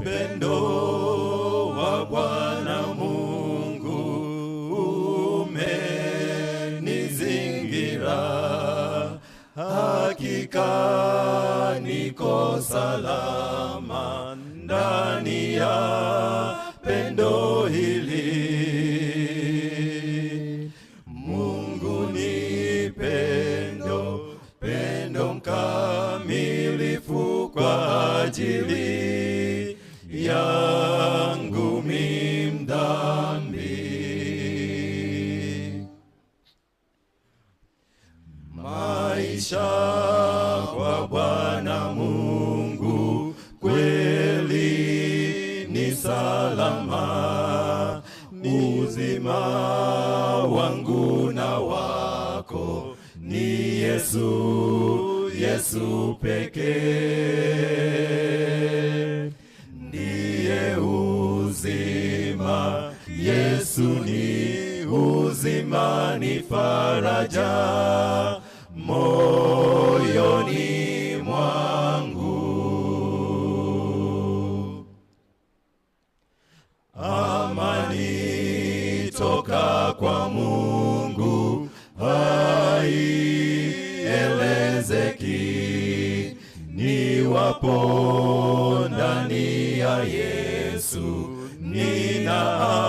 upendo wa Bwana Mungu umenizingira, hakika niko salama ndani ya pendo hili. Mungu ni pendo, pendo mkali yangu mi mdhambi, maisha kwa Bwana Mungu kweli ni salama, uzima wangu na wako ni Yesu, Yesu pekee. Yesu ni uzima, ni faraja moyoni mwangu, amani toka kwa Mungu haielezeki, wapo ndani ya Yesu nina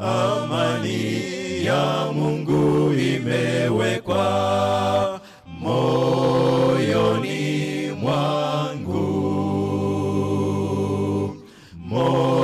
amani ya Mungu imewekwa moyoni mwangu moyoni